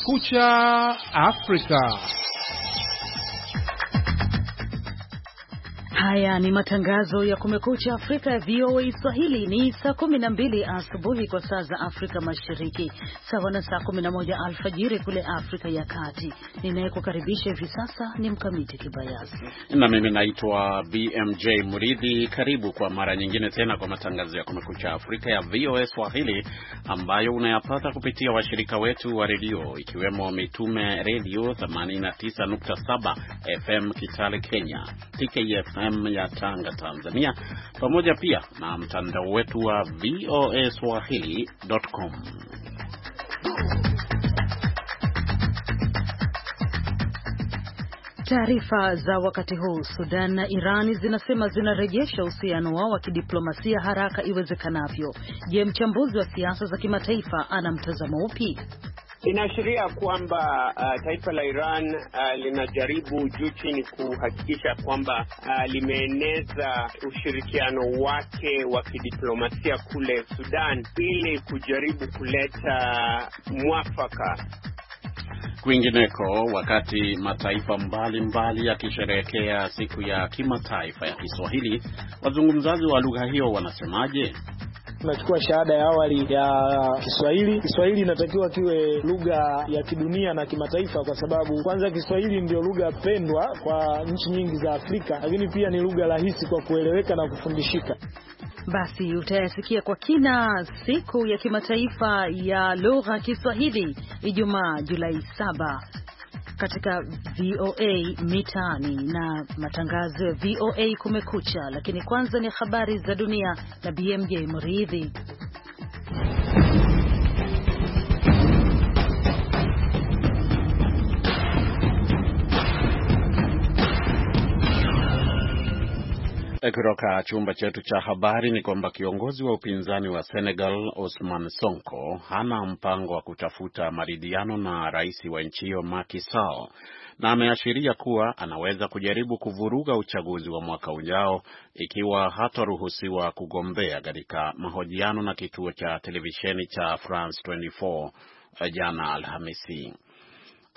Kumekucha Afrika. Haya ni matangazo ya Kumekucha Afrika ya VOA Swahili. Ni saa 12 asubuhi kwa saa za Afrika Mashariki, sawa na saa 11 alfajiri kule Afrika ya Kati. Ninayekukaribisha hivi sasa ni Mkamiti Kibayasi na mimi naitwa BMJ Muridhi. Karibu kwa mara nyingine tena kwa matangazo ya Kumekucha Afrika ya VOA Swahili ambayo unayapata kupitia washirika wetu wa redio ikiwemo Mitume Redio 89.7 FM Kitale Kenya, TKFM FM ya Tanga, Tanzania, pamoja pia na mtandao wetu wa VOA Swahili.com. Taarifa za wakati huu. Sudan na Iran zinasema zinarejesha uhusiano wao wa kidiplomasia haraka iwezekanavyo. Je, mchambuzi wa siasa za kimataifa ana mtazamo upi? inaashiria kwamba uh, taifa la Iran uh, linajaribu juu chini kuhakikisha kwamba uh, limeeneza ushirikiano wake wa kidiplomasia kule Sudan ili kujaribu kuleta mwafaka kwingineko. Wakati mataifa mbalimbali yakisherehekea siku ya kimataifa ya Kiswahili, wazungumzaji wa lugha hiyo wanasemaje? tunachukua shahada ya awali ya Kiswahili. Kiswahili inatakiwa kiwe lugha ya kidunia na kimataifa, kwa sababu kwanza Kiswahili ndio lugha pendwa kwa nchi nyingi za Afrika, lakini pia ni lugha rahisi kwa kueleweka na kufundishika. Basi utayasikia kwa kina siku ya kimataifa ya lugha Kiswahili Ijumaa Julai saba katika VOA Mitaani na matangazo ya VOA Kumekucha, lakini kwanza ni habari za dunia na BMJ Mridhi. Kutoka chumba chetu cha habari ni kwamba kiongozi wa upinzani wa Senegal Osman Sonko hana mpango wa kutafuta maridhiano na rais wa nchi hiyo Macky Sall na ameashiria kuwa anaweza kujaribu kuvuruga uchaguzi wa mwaka ujao ikiwa hataruhusiwa kugombea. Katika mahojiano na kituo cha televisheni cha France 24 eh, jana Alhamisi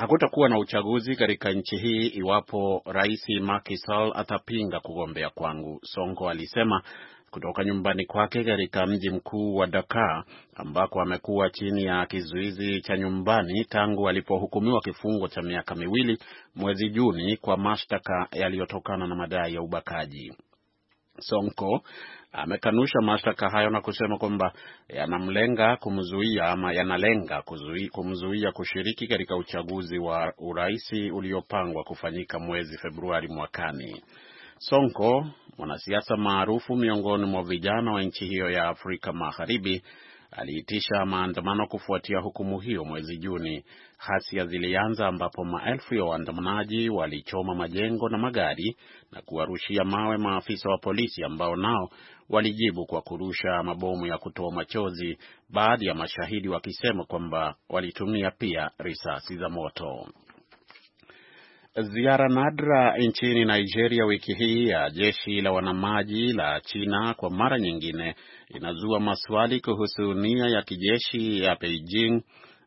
Hakutakuwa na uchaguzi katika nchi hii iwapo Rais Macky Sall atapinga kugombea kwangu, Sonko alisema kutoka nyumbani kwake katika mji mkuu wa Dakar ambako amekuwa chini ya kizuizi cha nyumbani tangu alipohukumiwa kifungo cha miaka miwili mwezi Juni kwa mashtaka yaliyotokana na madai ya ubakaji. Sonko amekanusha mashtaka hayo na kusema kwamba yanamlenga kumzuia ama yanalenga kuzuia, kumzuia kushiriki katika uchaguzi wa uraisi uliopangwa kufanyika mwezi Februari mwakani. Sonko, mwanasiasa maarufu miongoni mwa vijana wa nchi hiyo ya Afrika Magharibi, aliitisha maandamano kufuatia hukumu hiyo mwezi Juni. hasia zilianza ambapo maelfu ya waandamanaji walichoma majengo na magari na kuwarushia mawe maafisa wa polisi ambao nao walijibu kwa kurusha mabomu ya kutoa machozi, baadhi ya mashahidi wakisema kwamba walitumia pia risasi za moto. Ziara nadra nchini Nigeria wiki hii ya jeshi la wanamaji la China kwa mara nyingine inazua maswali kuhusu nia ya kijeshi ya Beijing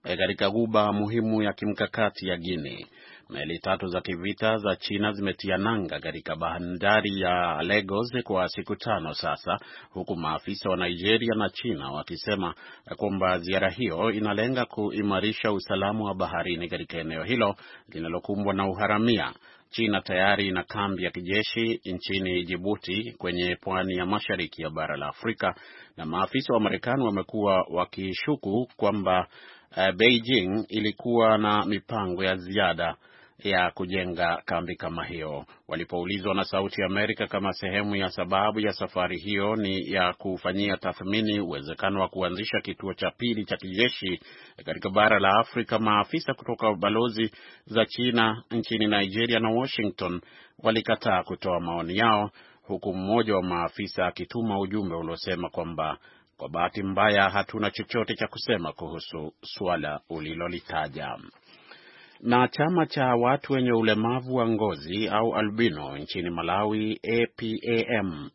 eh, katika guba muhimu ya kimkakati ya Guinea. Meli tatu za kivita za China zimetia nanga katika bandari ya Lagos kwa siku tano sasa, huku maafisa wa Nigeria na China wakisema kwamba ziara hiyo inalenga kuimarisha usalama wa baharini katika eneo hilo linalokumbwa na uharamia. China tayari ina kambi ya kijeshi nchini Jibuti kwenye pwani ya mashariki ya bara la Afrika, na maafisa wa Marekani wamekuwa wakishuku kwamba eh, Beijing ilikuwa na mipango ya ziada ya kujenga kambi kama hiyo. Walipoulizwa na Sauti Amerika kama sehemu ya sababu ya safari hiyo ni ya kufanyia tathmini uwezekano wa kuanzisha kituo cha pili cha kijeshi katika bara la Afrika, maafisa kutoka balozi za China nchini Nigeria na Washington walikataa kutoa maoni yao, huku mmoja wa maafisa akituma ujumbe uliosema kwamba kwa bahati mbaya hatuna chochote cha kusema kuhusu suala ulilolitaja. Na chama cha watu wenye ulemavu wa ngozi au albino nchini Malawi, APAM,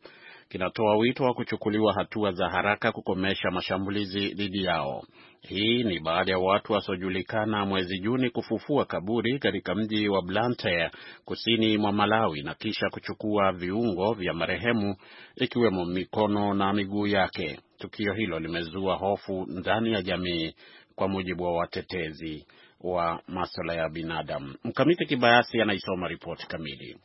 kinatoa wito wa kuchukuliwa hatua za haraka kukomesha mashambulizi dhidi yao. Hii ni baada ya watu wasiojulikana mwezi Juni kufufua kaburi katika mji wa Blantyre kusini mwa Malawi na kisha kuchukua viungo vya marehemu ikiwemo mikono na miguu yake. Tukio hilo limezua hofu ndani ya jamii, kwa mujibu wa watetezi wa maswala ya binadamu. Mkamiti Kibayasi anaisoma ripoti kamili.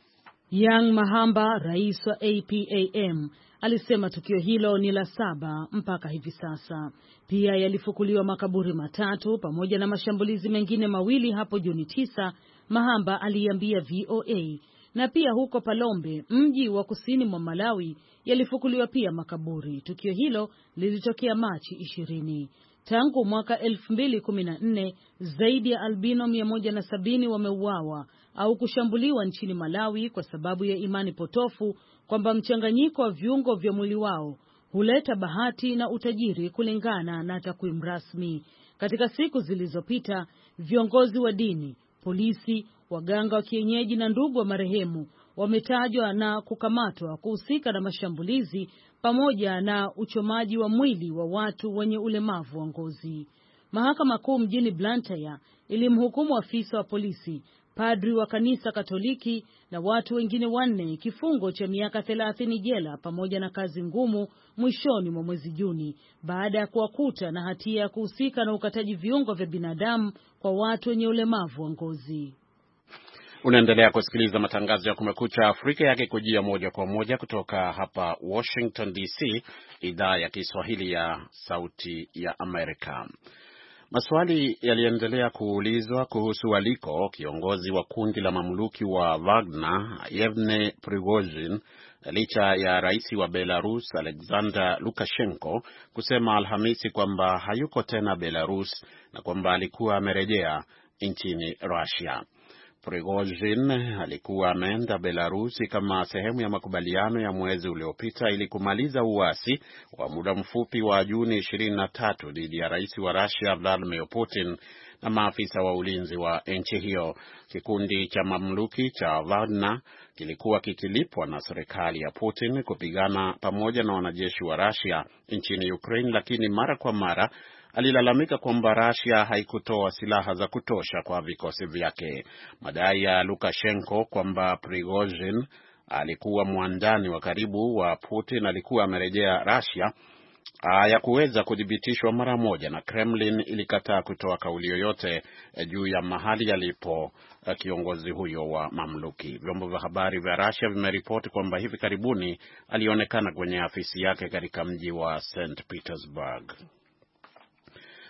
Yang Mahamba, rais wa APAM, alisema tukio hilo ni la saba mpaka hivi sasa. Pia yalifukuliwa makaburi matatu pamoja na mashambulizi mengine mawili hapo Juni tisa, Mahamba aliambia VOA. Na pia huko Palombe, mji wa kusini mwa Malawi, yalifukuliwa pia makaburi. Tukio hilo lilitokea Machi ishirini. Tangu mwaka 2014 zaidi ya albino 170 wameuawa au kushambuliwa nchini Malawi kwa sababu ya imani potofu kwamba mchanganyiko wa viungo vya mwili wao huleta bahati na utajiri kulingana na takwimu rasmi. Katika siku zilizopita, viongozi wa dini, polisi, waganga wa kienyeji na ndugu wa marehemu wametajwa na kukamatwa kuhusika na mashambulizi pamoja na uchomaji wa mwili wa watu wenye ulemavu wa ngozi. Mahakama Kuu mjini Blantyre ilimhukumu afisa wa polisi, padri wa kanisa Katoliki na watu wengine wanne kifungo cha miaka thelathini jela pamoja na kazi ngumu mwishoni mwa mwezi Juni baada ya kuwakuta na hatia ya kuhusika na ukataji viungo vya binadamu kwa watu wenye ulemavu wa ngozi. Unaendelea kusikiliza matangazo ya Kumekucha Afrika yakikujia moja kwa moja kutoka hapa Washington DC, idhaa ya Kiswahili ya Sauti ya Amerika. Maswali yaliendelea kuulizwa kuhusu aliko kiongozi wa kundi la mamluki wa Wagner yevne Prigozhin, licha ya rais wa Belarus Alexander Lukashenko kusema Alhamisi kwamba hayuko tena Belarus na kwamba alikuwa amerejea nchini Russia. Prigozhin alikuwa ameenda Belarusi kama sehemu ya makubaliano ya mwezi uliopita ili kumaliza uasi wa muda mfupi wa Juni 23 dhidi ya rais wa Russia Vladimir Putin na maafisa wa ulinzi wa nchi hiyo. Kikundi cha mamluki cha Wagner kilikuwa kikilipwa na serikali ya Putin kupigana pamoja na wanajeshi wa Russia nchini Ukraine, lakini mara kwa mara alilalamika kwamba Russia haikutoa silaha za kutosha kwa vikosi vyake. Madai ya Lukashenko kwamba Prigozhin alikuwa mwandani wa karibu wa Putin alikuwa amerejea Russia hayakuweza kuthibitishwa mara moja, na Kremlin ilikataa kutoa kauli yoyote eh, juu ya mahali yalipo eh, kiongozi huyo wa mamluki. Vyombo vya habari vya Russia vimeripoti kwamba hivi karibuni alionekana kwenye afisi yake katika mji wa St Petersburg.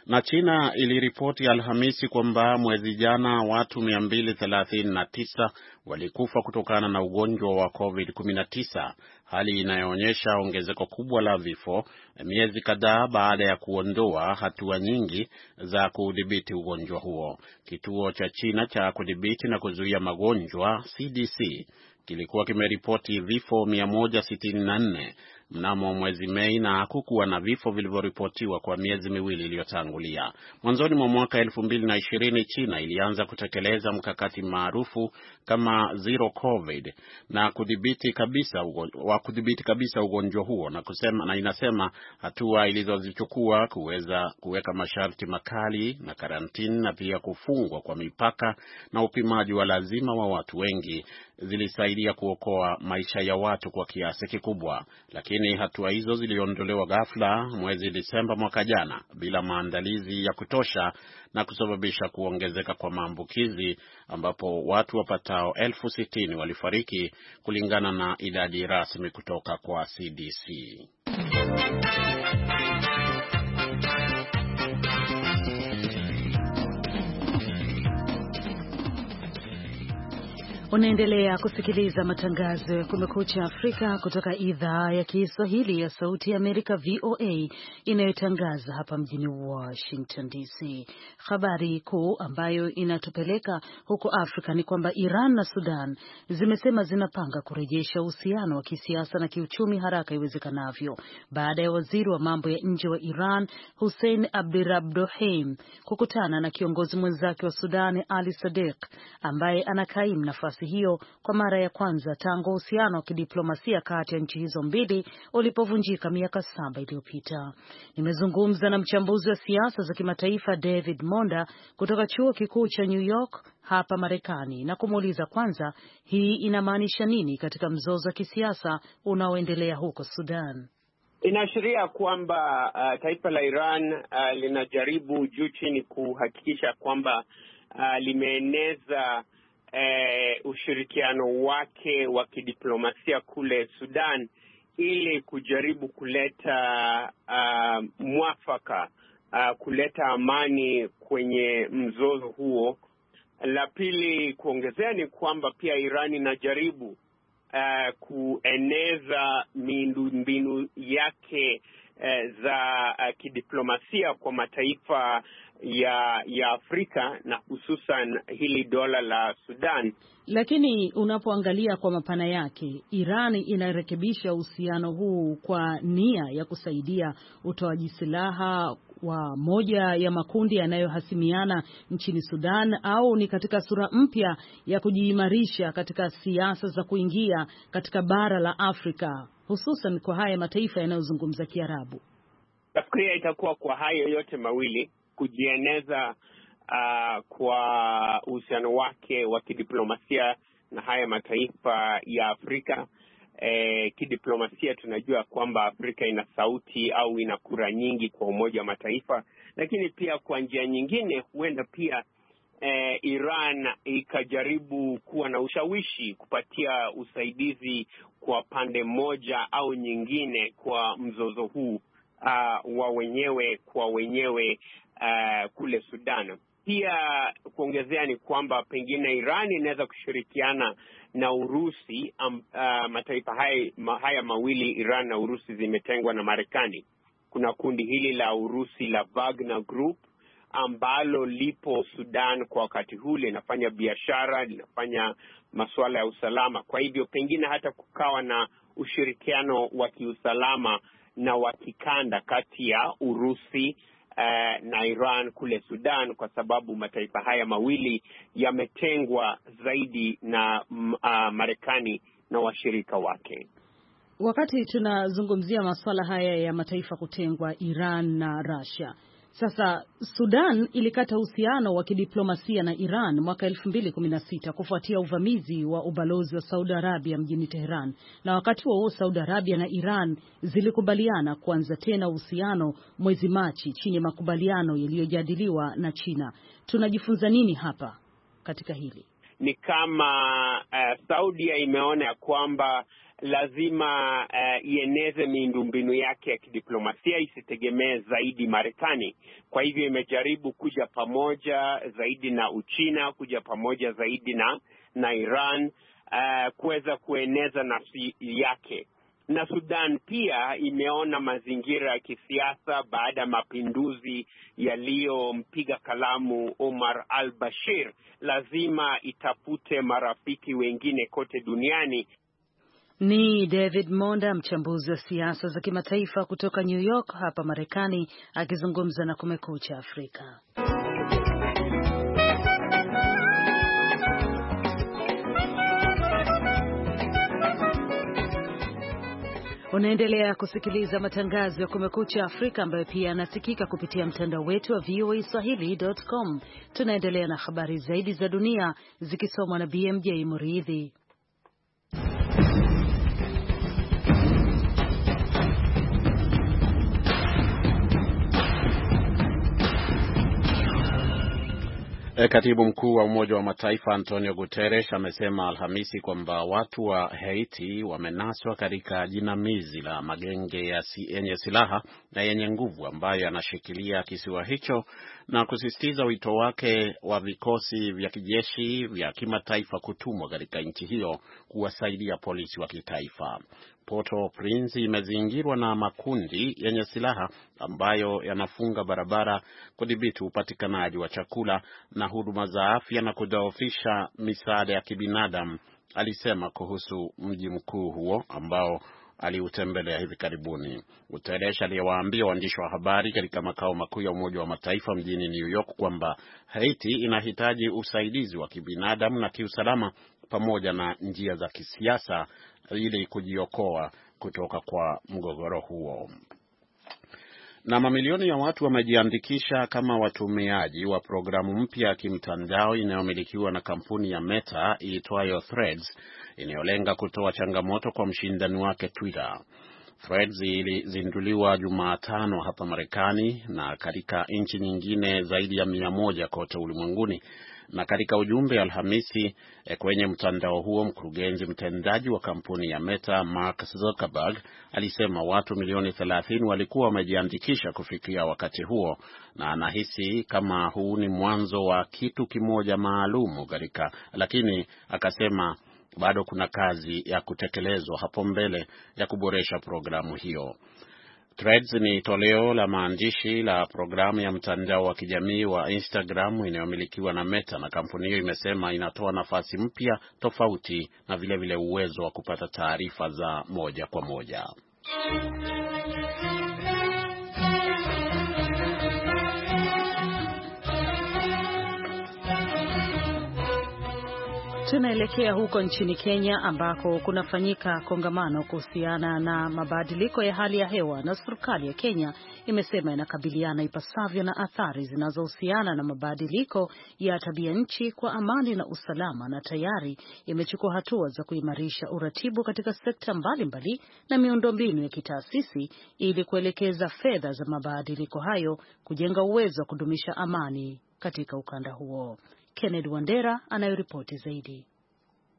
Na China iliripoti Alhamisi kwamba mwezi jana watu 239 walikufa kutokana na ugonjwa wa COVID-19, hali inayoonyesha ongezeko kubwa la vifo miezi kadhaa baada ya kuondoa hatua nyingi za kudhibiti ugonjwa huo. Kituo cha China cha kudhibiti na kuzuia magonjwa CDC kilikuwa kimeripoti vifo 164 mnamo mwezi Mei na hakukuwa na vifo vilivyoripotiwa kwa miezi miwili iliyotangulia. Mwanzoni mwa mwaka elfu mbili na ishirini China ilianza kutekeleza mkakati maarufu kama zero covid na kudhibiti kabisa wa kudhibiti kabisa ugonjwa huo na kusema, na inasema hatua ilizozichukua kuweza kuweka masharti makali na karantini na pia kufungwa kwa mipaka na upimaji wa lazima wa watu wengi zilisaidia kuokoa maisha ya watu kwa kiasi kikubwa, lakini lakini hatua hizo ziliondolewa ghafla mwezi Disemba mwaka jana bila maandalizi ya kutosha na kusababisha kuongezeka kwa maambukizi ambapo watu wapatao elfu sitini walifariki kulingana na idadi rasmi kutoka kwa CDC. Unaendelea kusikiliza matangazo ya Kumekucha Afrika kutoka idhaa ya Kiswahili ya Sauti ya Amerika, VOA, inayotangaza hapa mjini Washington DC. Habari kuu ambayo inatupeleka huko Afrika ni kwamba Iran na Sudan zimesema zinapanga kurejesha uhusiano wa kisiasa na kiuchumi haraka iwezekanavyo baada ya waziri wa mambo ya nje wa Iran Hussein Abdirabdohim kukutana na kiongozi mwenzake wa Sudan Ali Sadiq ambaye anakaimu nafasi nafasi hiyo kwa mara ya kwanza tangu uhusiano wa kidiplomasia kati ya nchi hizo mbili ulipovunjika miaka saba iliyopita. Nimezungumza na mchambuzi wa siasa za kimataifa David Monda kutoka chuo kikuu cha New York hapa Marekani na kumuuliza kwanza, hii inamaanisha nini katika mzozo wa kisiasa unaoendelea huko Sudan? Inaashiria kwamba uh, taifa la Iran uh, linajaribu juu chini kuhakikisha kwamba uh, limeeneza eh, ushirikiano wake wa kidiplomasia kule Sudan ili kujaribu kuleta uh, mwafaka uh, kuleta amani kwenye mzozo huo. La pili kuongezea ni kwamba pia Iran inajaribu uh, kueneza miundombinu yake uh, za uh, kidiplomasia kwa mataifa ya ya Afrika na hususan hili dola la Sudan. Lakini unapoangalia kwa mapana yake, Iran inarekebisha uhusiano huu kwa nia ya kusaidia utoaji silaha wa moja ya makundi yanayohasimiana nchini Sudan au ni katika sura mpya ya kujiimarisha katika siasa za kuingia katika bara la Afrika hususan kwa haya mataifa yanayozungumza Kiarabu? Nafikiria itakuwa kwa hayo yote mawili kujieneza uh, kwa uhusiano wake wa kidiplomasia na haya mataifa ya Afrika. Eh, kidiplomasia tunajua kwamba Afrika ina sauti au ina kura nyingi kwa Umoja wa Mataifa, lakini pia kwa njia nyingine huenda pia eh, Iran ikajaribu kuwa na ushawishi kupatia usaidizi kwa pande moja au nyingine kwa mzozo huu uh, wa wenyewe kwa wenyewe uh, kule Sudan. Pia kuongezea ni kwamba pengine Iran inaweza kushirikiana na Urusi um, uh, mataifa haya, haya mawili Iran na Urusi zimetengwa na Marekani. Kuna kundi hili la Urusi la Wagner Group ambalo lipo Sudan kwa wakati huu, linafanya biashara, linafanya masuala ya usalama. Kwa hivyo pengine hata kukawa na ushirikiano wa kiusalama na wa kikanda kati ya Urusi uh, na Iran kule Sudan, kwa sababu mataifa haya mawili yametengwa zaidi na uh, Marekani na washirika wake. Wakati tunazungumzia masuala haya ya mataifa kutengwa, Iran na Russia, sasa Sudan ilikata uhusiano wa kidiplomasia na Iran mwaka 2016 kufuatia uvamizi wa ubalozi wa Saudi Arabia mjini teheran na wakati huo huo Saudi Arabia na Iran zilikubaliana kuanza tena uhusiano mwezi Machi chini ya makubaliano yaliyojadiliwa na China. Tunajifunza nini hapa katika hili? Ni kama uh, Saudia imeona ya kwamba lazima uh, ieneze miundombinu yake ya kidiplomasia isitegemee zaidi Marekani. Kwa hivyo imejaribu kuja pamoja zaidi na Uchina, kuja pamoja zaidi na, na Iran uh, kuweza kueneza nafsi yake na Sudan pia imeona mazingira ya kisiasa baada ya mapinduzi yaliyompiga kalamu Omar al Bashir, lazima itafute marafiki wengine kote duniani. Ni David Monda, mchambuzi wa siasa za kimataifa kutoka New York hapa Marekani, akizungumza na Kumekucha Afrika. Unaendelea kusikiliza matangazo ya Kumekucha Afrika ambayo pia yanasikika kupitia mtandao wetu wa VOA Swahili.com. Tunaendelea na habari zaidi za dunia zikisomwa na BMJ Muridhi. E, katibu mkuu wa Umoja wa Mataifa Antonio Guterres amesema Alhamisi kwamba watu wa Haiti wamenaswa katika jinamizi la magenge yenye silaha na yenye nguvu ambayo yanashikilia kisiwa hicho na kusisitiza wito wake wa vikosi vya kijeshi vya kimataifa kutumwa katika nchi hiyo kuwasaidia polisi wa kitaifa. Port-au-Prince imezingirwa na makundi yenye silaha ambayo yanafunga barabara, kudhibiti upatikanaji wa chakula na huduma za afya na kudhoofisha misaada ya kibinadamu, alisema kuhusu mji mkuu huo ambao aliutembelea hivi karibuni. Guterres aliyewaambia waandishi wa habari katika makao makuu ya Umoja wa Mataifa mjini New York kwamba Haiti inahitaji usaidizi wa kibinadamu na kiusalama pamoja na njia za kisiasa ili kujiokoa kutoka kwa mgogoro huo. Na mamilioni ya watu wamejiandikisha kama watumiaji wa programu mpya ya kimtandao inayomilikiwa na kampuni ya Meta iitwayo Threads inayolenga kutoa changamoto kwa mshindani wake Twitter. Threads ilizinduliwa Jumatano hapa Marekani na katika nchi nyingine zaidi ya mia moja kote ulimwenguni na katika ujumbe Alhamisi eh, kwenye mtandao huo, mkurugenzi mtendaji wa kampuni ya Meta Mark Zuckerberg alisema watu milioni 30 walikuwa wamejiandikisha kufikia wakati huo, na anahisi kama huu ni mwanzo wa kitu kimoja maalumu katika, lakini akasema bado kuna kazi ya kutekelezwa hapo mbele ya kuboresha programu hiyo. Threads ni toleo la maandishi la programu ya mtandao wa kijamii wa Instagram inayomilikiwa na Meta, na kampuni hiyo imesema inatoa nafasi mpya tofauti na vile vile uwezo wa kupata taarifa za moja kwa moja. Tunaelekea huko nchini Kenya ambako kunafanyika kongamano kuhusiana na mabadiliko ya hali ya hewa, na serikali ya Kenya imesema inakabiliana ipasavyo na athari zinazohusiana na mabadiliko ya tabia nchi kwa amani na usalama, na tayari imechukua hatua za kuimarisha uratibu katika sekta mbalimbali na miundombinu ya kitaasisi ili kuelekeza fedha za mabadiliko hayo kujenga uwezo wa kudumisha amani katika ukanda huo. Kennedy Wandera anayoripoti zaidi.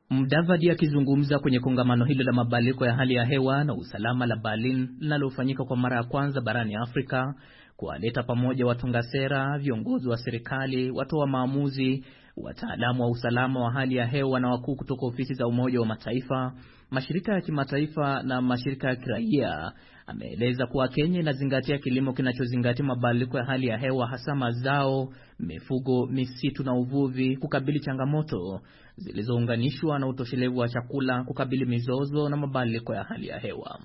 Mdavadi akizungumza kwenye kongamano hilo la mabadiliko ya hali ya hewa na usalama la Berlin linalofanyika kwa mara ya kwanza barani Afrika kuwaleta pamoja watunga sera, viongozi wa serikali, watoa wa maamuzi wataalamu wa usalama wa hali ya hewa na wakuu kutoka ofisi za Umoja wa Mataifa, mashirika ya kimataifa na mashirika ya kiraia. Ameeleza kuwa Kenya inazingatia kilimo kinachozingatia mabadiliko ya hali ya hewa, hasa mazao, mifugo, misitu na uvuvi, kukabili changamoto zilizounganishwa na utoshelevu wa chakula, kukabili mizozo na mabadiliko ya hali ya hewa.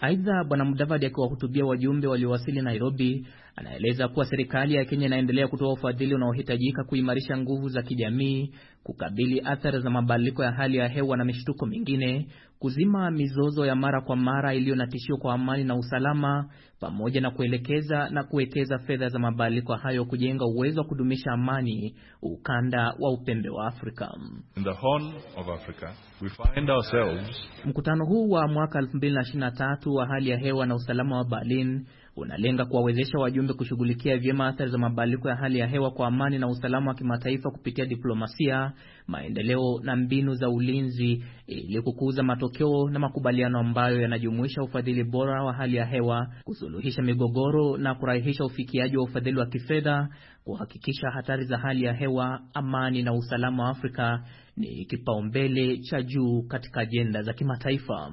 Aidha, Bwana Mudavadi akiwahutubia wajumbe waliowasili Nairobi Anaeleza kuwa serikali ya Kenya inaendelea kutoa ufadhili unaohitajika kuimarisha nguvu za kijamii, kukabili athari za mabadiliko ya hali ya hewa na mishtuko mingine, kuzima mizozo ya mara kwa mara iliyo na tishio kwa amani na usalama, pamoja na kuelekeza na kuwekeza fedha za mabadiliko hayo kujenga uwezo wa kudumisha amani ukanda wa upembe wa Afrika. In the Horn of Africa, we find ourselves... Mkutano huu wa mwaka 2023 wa hali ya hewa na usalama wa Berlin unalenga kuwawezesha wajumbe kushughulikia vyema athari za mabadiliko ya hali ya hewa kwa amani na usalama wa kimataifa kupitia diplomasia, maendeleo na mbinu za ulinzi ili kukuza matokeo na makubaliano ambayo yanajumuisha ufadhili bora wa hali ya hewa kusu kusuluhisha migogoro na kurahisisha ufikiaji wa ufadhili wa kifedha, kuhakikisha hatari za hali ya hewa, amani na usalama wa Afrika ni kipaumbele cha juu katika ajenda za kimataifa.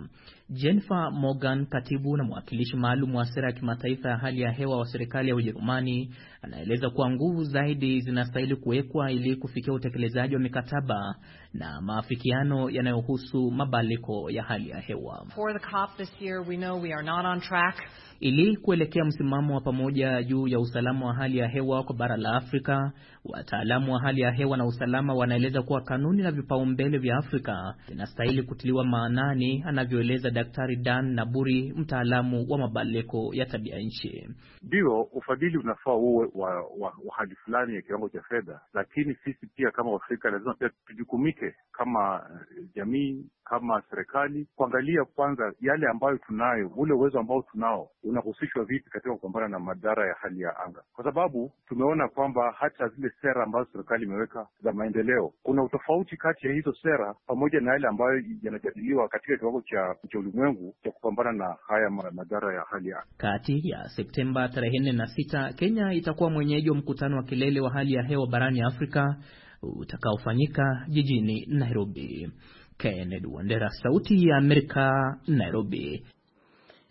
Jennifer Morgan, katibu na mwakilishi maalum wa sera ya kimataifa ya hali ya hewa wa serikali ya Ujerumani, anaeleza kuwa nguvu zaidi zinastahili kuwekwa ili kufikia utekelezaji wa mikataba na maafikiano yanayohusu mabadiliko ya hali ya hewa. For the COP this year, we know we are not on track ili kuelekea msimamo wa pamoja juu ya usalama wa hali ya hewa kwa bara la Afrika Wataalamu wa hali ya hewa na usalama wanaeleza kuwa kanuni na vipaumbele vya Afrika vinastahili kutiliwa maanani, anavyoeleza Daktari Dan Naburi, mtaalamu wa mabadiliko ya tabia nchi. Ndio, ufadhili unafaa uwe wa, wa, wa hali fulani ya kiwango cha fedha, lakini sisi pia kama Afrika lazima pia tujukumike kama eh, jamii, kama serikali kuangalia kwanza yale ambayo tunayo, ule uwezo ambao tunao unahusishwa vipi katika kupambana na madhara ya hali ya anga, kwa sababu tumeona kwamba hata zile sera ambazo serikali imeweka za maendeleo. Kuna utofauti kati ya hizo sera pamoja na yale ambayo yanajadiliwa katika kiwango cha, cha ulimwengu cha kupambana na haya madhara ya hali ya kati. Ya Septemba tarehe nne na sita, Kenya itakuwa mwenyeji wa mkutano wa kilele wa hali ya hewa barani Afrika utakaofanyika jijini Nairobi. Kennedy Wandera, Sauti ya Amerika, Nairobi.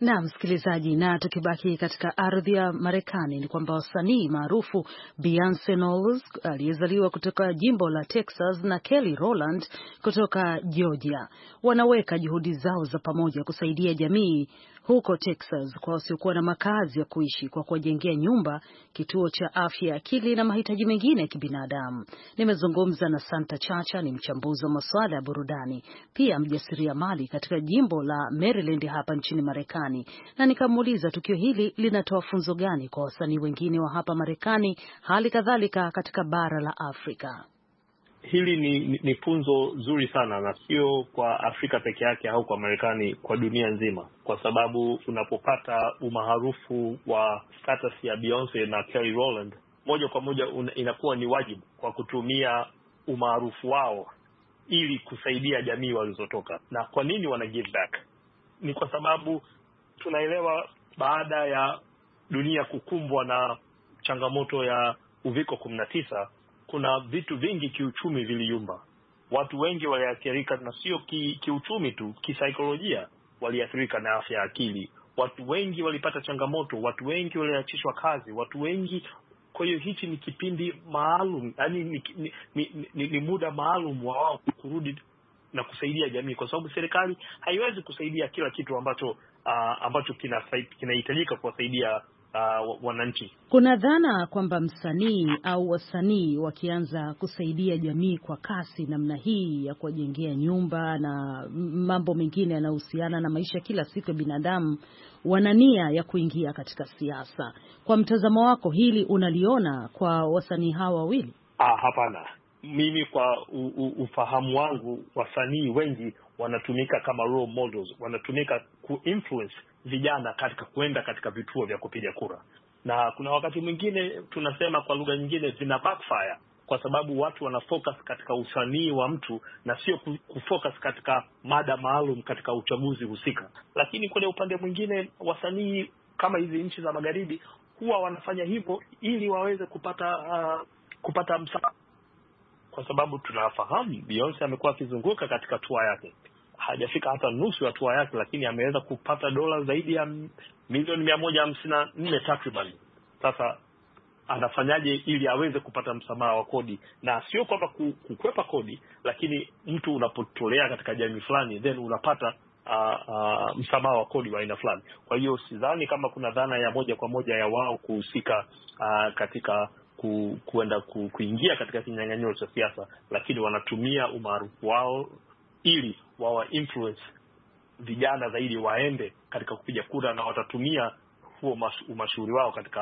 Na msikilizaji, na tukibaki katika ardhi ya Marekani ni kwamba wasanii maarufu Beyonce Knowles aliyezaliwa kutoka jimbo la Texas na Kelly Rowland kutoka Georgia wanaweka juhudi zao za pamoja kusaidia jamii huko Texas kwa wasiokuwa na makazi ya kuishi kwa kuwajengea nyumba, kituo cha afya ya akili na mahitaji mengine ya kibinadamu. Nimezungumza na Santa Chacha, ni mchambuzi wa masuala ya burudani, pia mjasiriamali katika jimbo la Maryland hapa nchini Marekani, na nikamuuliza tukio hili linatoa funzo gani kwa wasanii wengine wa hapa Marekani, hali kadhalika katika bara la Afrika hili ni, ni funzo zuri sana na sio kwa Afrika peke yake au kwa Marekani, kwa dunia nzima, kwa sababu unapopata umaarufu wa status ya Beyonce na Kelly roland moja kwa moja inakuwa ni wajibu kwa kutumia umaarufu wao ili kusaidia jamii walizotoka. Na kwa nini wana give back? Ni kwa sababu tunaelewa baada ya dunia kukumbwa na changamoto ya uviko kumi na tisa kuna vitu vingi kiuchumi viliyumba, watu wengi waliathirika, na sio ki, kiuchumi tu, kisaikolojia waliathirika na afya ya akili. Watu wengi walipata changamoto, watu wengi waliachishwa kazi, watu wengi. Kwa hiyo hichi ni kipindi maalum, yani ni, ni, ni, ni, ni muda maalum wa wao kurudi na kusaidia jamii, kwa sababu serikali haiwezi kusaidia kila kitu ambacho uh, ambacho kinahitajika kuwasaidia uh, wananchi. Kuna dhana kwamba msanii au wasanii wakianza kusaidia jamii kwa kasi namna hii ya kuwajengea nyumba na mambo mengine yanayohusiana na maisha kila siku ya binadamu, wana nia ya kuingia katika siasa. Kwa mtazamo wako, hili unaliona kwa wasanii hawa wawili? Ah, hapana. Mimi kwa u, u, ufahamu wangu wasanii wengi wanatumika kama role models, wanatumika kuinfluence vijana katika kuenda katika vituo vya kupiga kura, na kuna wakati mwingine tunasema kwa lugha nyingine zina backfire kwa sababu watu focus katika usanii wa mtu na sio kufocus katika mada maalum katika uchaguzi husika. Lakini kwenye upande mwingine, wasanii kama hizi nchi za magharibi huwa wanafanya hivyo ili waweze kupata uh, kupata msaada, kwa sababu tunafahamu Beyonce amekuwa akizunguka katika tua yake, hajafika hata nusu ya hatua yake, lakini ameweza kupata dola zaidi ya milioni mia moja hamsini na nne takriban. Sasa anafanyaje ili aweze kupata msamaha wa kodi? Na sio kwamba kukwepa kodi, lakini mtu unapotolea katika jamii fulani then unapata uh, uh, msamaha wa kodi wa aina fulani. Kwa hiyo sidhani kama kuna dhana ya moja kwa moja ya wao kuhusika uh, katika ku, kuenda ku, kuingia katika kinyang'anyiro cha siasa, lakini wanatumia umaarufu wao ili wawa influence vijana zaidi waende katika kupiga kura, na watatumia huo umashuhuri wao katika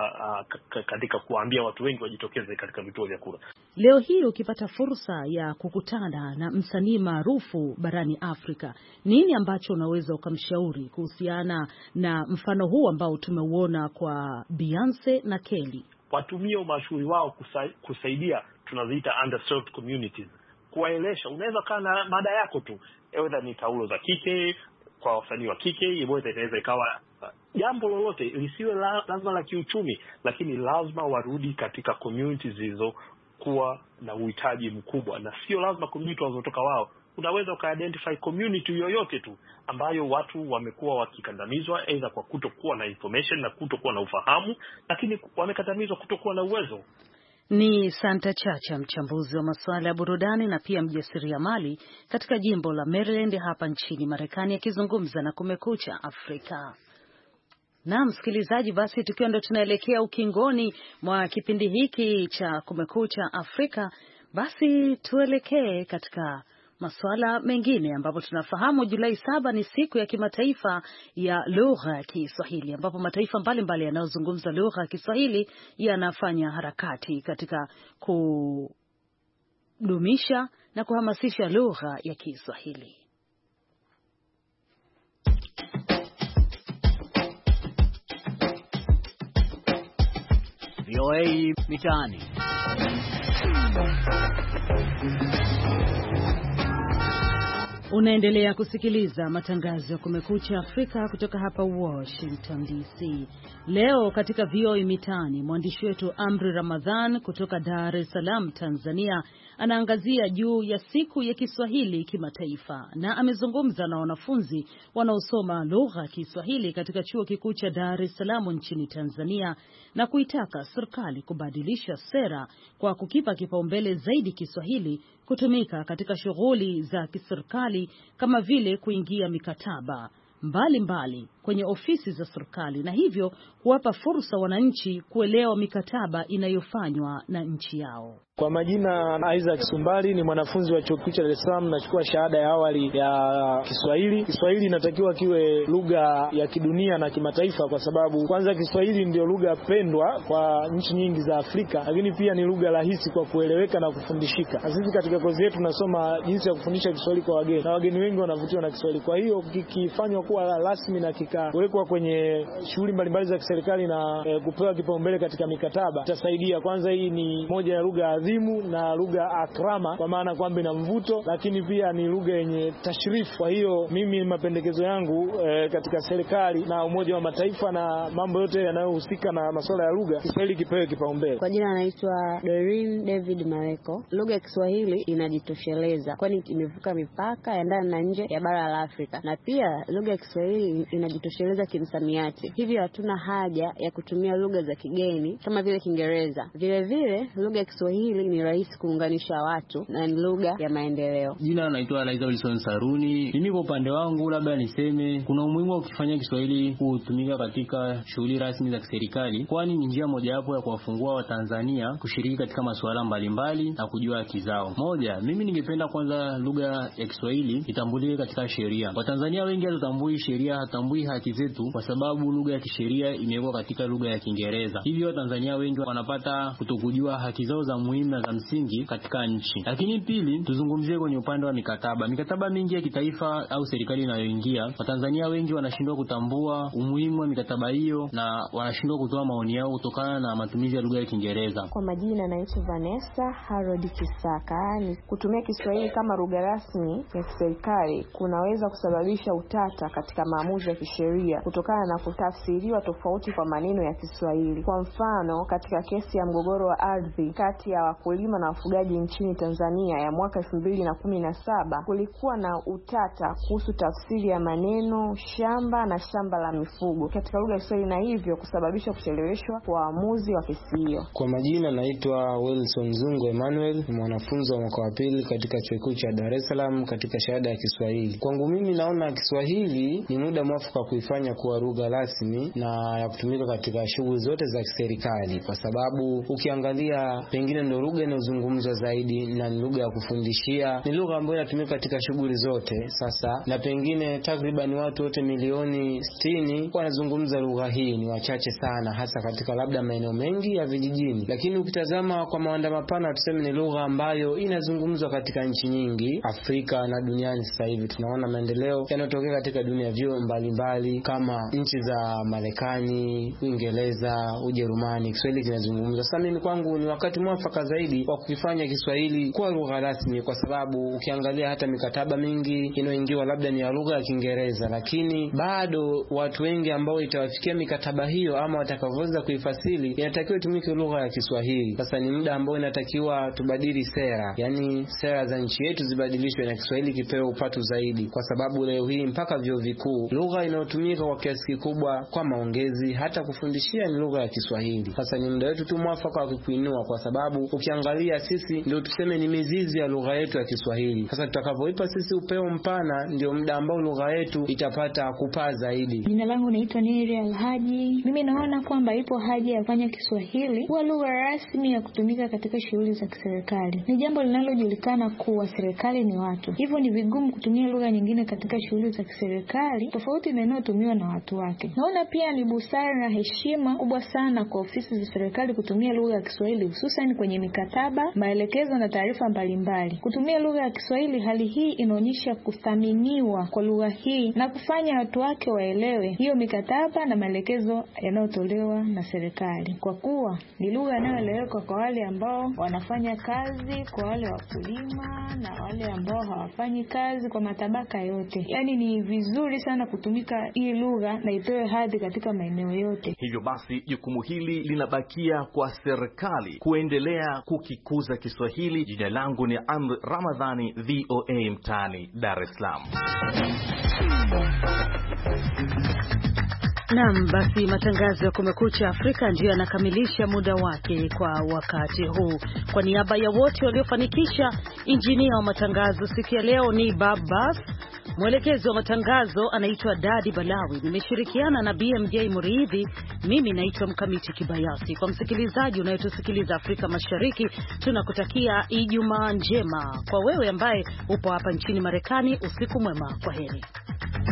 uh, katika kuwaambia watu wengi wajitokeze katika vituo vya kura. Leo hii ukipata fursa ya kukutana na msanii maarufu barani Afrika, nini ambacho unaweza ukamshauri kuhusiana na mfano huu ambao tumeuona kwa Beyonce na Kelly? Watumie umashuhuri wao kusa, kusaidia tunaziita underserved communities kuwaelesha unaweza kaa na mada yako tu edha ni taulo za kike kwa wasanii wa kike inaweza ikawa uh, jambo lolote lisiwe la, lazima la kiuchumi lakini lazima warudi katika community zilizokuwa na uhitaji mkubwa na sio lazima community wanazotoka wao unaweza ukaidentify community yoyote tu ambayo watu wamekuwa wakikandamizwa eidha kwa kutokuwa na information na kutokuwa na ufahamu, lakini wamekandamizwa kutokuwa na uwezo. Ni Santa Chacha, mchambuzi wa masuala ya burudani na pia mjasiriamali katika jimbo la Maryland hapa nchini Marekani, akizungumza na Kumekucha Afrika. Na msikilizaji, basi tukiwa ndo tunaelekea ukingoni mwa kipindi hiki cha Kumekucha Afrika, basi tuelekee katika masuala mengine, ambapo tunafahamu Julai saba ni siku ya kimataifa ya lugha ya Kiswahili, ambapo mataifa mbalimbali yanayozungumza lugha ya Kiswahili yanafanya harakati katika kudumisha na kuhamasisha lugha ya Kiswahili. VOA Mitaani. Unaendelea kusikiliza matangazo ya Kumekucha Afrika kutoka hapa Washington DC. Leo katika VOA Mitaani, mwandishi wetu Amri Ramadhan kutoka Dar es Salaam, Tanzania, anaangazia juu ya siku ya Kiswahili kimataifa na amezungumza na wanafunzi wanaosoma lugha ya Kiswahili katika chuo kikuu cha Dar es Salaam nchini Tanzania na kuitaka serikali kubadilisha sera kwa kukipa kipaumbele zaidi Kiswahili kutumika katika shughuli za kiserikali kama vile kuingia mikataba mbalimbali mbali kwenye ofisi za serikali na hivyo kuwapa fursa wananchi kuelewa mikataba inayofanywa na nchi yao. Kwa majina Isaac Sumbali, ni mwanafunzi wa chuo kikuu cha Dar es Salaam, nachukua shahada ya awali ya Kiswahili. Kiswahili inatakiwa kiwe lugha ya kidunia na kimataifa, kwa sababu kwanza, Kiswahili ndio lugha pendwa kwa nchi nyingi za Afrika, lakini pia ni lugha rahisi kwa kueleweka na kufundishika. Na sisi katika kozi yetu tunasoma jinsi ya kufundisha Kiswahili kwa wageni, na wageni wengi wanavutiwa na Kiswahili. Kwa hiyo kikifanywa kuwa rasmi na kik kuwekwa kwenye shughuli mbalimbali za kiserikali na e, kupewa kipaumbele katika mikataba itasaidia. Kwanza, hii ni moja ya lugha adhimu na lugha akrama, kwa maana kwamba ina mvuto, lakini pia ni lugha yenye tashrifu. Kwa hiyo mimi mapendekezo yangu e, katika serikali na Umoja wa Mataifa na mambo yote yanayohusika na masuala ya lugha, Kiswahili kipewe kipaumbele. Kwa jina anaitwa Doreen David Maweko. Lugha ya Kiswahili inajitosheleza, kwani imevuka mipaka ya ndani na nje ya bara la Afrika, na pia lugha ya Kiswahili inajitosheleza kutosheleza kimsamiati, hivyo hatuna haja ya kutumia lugha za kigeni kama vile Kiingereza. Vilevile lugha ya Kiswahili ni rahisi kuunganisha watu na ni lugha ya maendeleo. Jina naitwa Liza Wilson Saruni. Mimi kwa upande wangu, labda niseme kuna umuhimu wa kukifanya Kiswahili kutumika katika shughuli rasmi za kiserikali, kwani ni njia mojawapo ya kuwafungua Watanzania kushiriki katika masuala mbalimbali na kujua haki zao. Moja, mimi ningependa kwanza lugha ya Kiswahili itambulike katika sheria. Watanzania wengi hatutambui sheria, hatutambui haki zetu, kwa sababu lugha ya kisheria imewekwa katika lugha ya Kiingereza. Hivyo Watanzania wengi wanapata kutokujua haki zao za muhimu na za msingi katika nchi. Lakini pili, tuzungumzie kwenye upande wa mikataba. Mikataba mingi ya kitaifa au serikali inayoingia, Watanzania wengi wanashindwa kutambua umuhimu wa mikataba hiyo na wanashindwa kutoa maoni yao kutokana na matumizi ya lugha ya Kiingereza. Kwa majina naitwa Vanessa Harold Kisaka. Ni kutumia Kiswahili kama lugha rasmi ya kiserikali kunaweza kusababisha utata katika maamuzi ya kisheria kisheria kutokana na kutafsiriwa tofauti kwa maneno ya Kiswahili. Kwa mfano, katika kesi ya mgogoro wa ardhi kati ya wakulima na wafugaji nchini Tanzania ya mwaka elfu mbili na kumi na saba kulikuwa na utata kuhusu tafsiri ya maneno shamba na shamba la mifugo katika lugha ya Kiswahili na hivyo kusababisha kucheleweshwa kwa waamuzi wa kesi hiyo. Kwa majina, naitwa Wilson Zungu Emmanuel, ni mwanafunzi wa mwaka wa pili katika chuo kikuu cha Dar es Salaam katika shahada ya Kiswahili. Kwangu mimi, naona Kiswahili ni muda mwafaka kuifanya kuwa lugha rasmi na ya kutumika katika shughuli zote za kiserikali, kwa sababu ukiangalia, pengine ndo lugha inayozungumzwa zaidi na ni lugha ya kufundishia, ni lugha ambayo inatumika katika shughuli zote sasa, na pengine takriban watu wote milioni sitini wanazungumza lugha hii, ni wachache sana, hasa katika labda maeneo mengi ya vijijini. Lakini ukitazama kwa mawanda mapana, tuseme ni lugha ambayo inazungumzwa katika nchi nyingi Afrika na duniani. Sasa hivi tunaona maendeleo yanayotokea katika dunia, vyo mbalimbali mbalimbali kama nchi za Marekani, Uingereza, Ujerumani Kiswahili kinazungumzwa. Sasa mimi kwangu ni wakati mwafaka zaidi wa kukifanya Kiswahili kuwa lugha rasmi, kwa sababu ukiangalia hata mikataba mingi inayoingiwa labda ni ya lugha ya Kiingereza, lakini bado watu wengi ambao itawafikia mikataba hiyo ama watakavyoweza kuifasili, inatakiwa itumike lugha ya Kiswahili. Sasa ni muda ambao inatakiwa tubadili sera, yani sera za nchi yetu zibadilishwe na Kiswahili kipewe upatu zaidi, kwa sababu leo hii mpaka vyuo vikuu lugha ina unaotumika kwa kiasi kikubwa kwa maongezi, hata kufundishia ni lugha ya Kiswahili. Sasa ni muda wetu tu mwafaka wa kukuinua, kwa sababu ukiangalia sisi ndio tuseme ni mizizi ya lugha yetu ya Kiswahili. Sasa tutakavyoipa sisi upeo mpana, ndio muda ambao lugha yetu itapata kupaa zaidi. Jina langu naitwa Neri Alhaji. Mimi naona kwamba ipo haja ya kufanya Kiswahili kuwa lugha rasmi ya kutumika katika shughuli za kiserikali. Ni jambo linalojulikana kuwa serikali ni watu, hivyo ni vigumu kutumia lugha nyingine katika shughuli za kiserikali tofauti na unaotumiwa na watu wake. Naona pia ni busara na heshima kubwa sana kwa ofisi za serikali kutumia lugha ya Kiswahili hususan kwenye mikataba, maelekezo na taarifa mbalimbali. Kutumia lugha ya Kiswahili, hali hii inaonyesha kuthaminiwa kwa lugha hii na kufanya watu wake waelewe hiyo mikataba na maelekezo yanayotolewa na serikali, kwa kuwa ni lugha inayoeleweka kwa wale ambao wanafanya kazi, kwa wale wakulima na wale ambao hawafanyi kazi, kwa matabaka yote. Yaani ni vizuri sana kutumika hii lugha na ipewe hadhi katika maeneo yote. Hivyo basi jukumu hili linabakia kwa serikali kuendelea kukikuza Kiswahili. Jina langu ni Amri Ramadhani, VOA Mtaani, Dar es Salaam. Nam, basi matangazo ya Kumekucha Afrika ndiyo yanakamilisha muda wake kwa wakati huu. Kwa niaba ya wote waliofanikisha, injinia wa matangazo siku ya leo ni Babas Mwelekezi wa matangazo anaitwa Dadi Balawi, nimeshirikiana na BMJ Muridhi. Mimi naitwa Mkamiti Kibayasi. Kwa msikilizaji unayetusikiliza Afrika Mashariki, tunakutakia Ijumaa njema. Kwa wewe ambaye upo hapa nchini Marekani, usiku mwema. Kwa heri.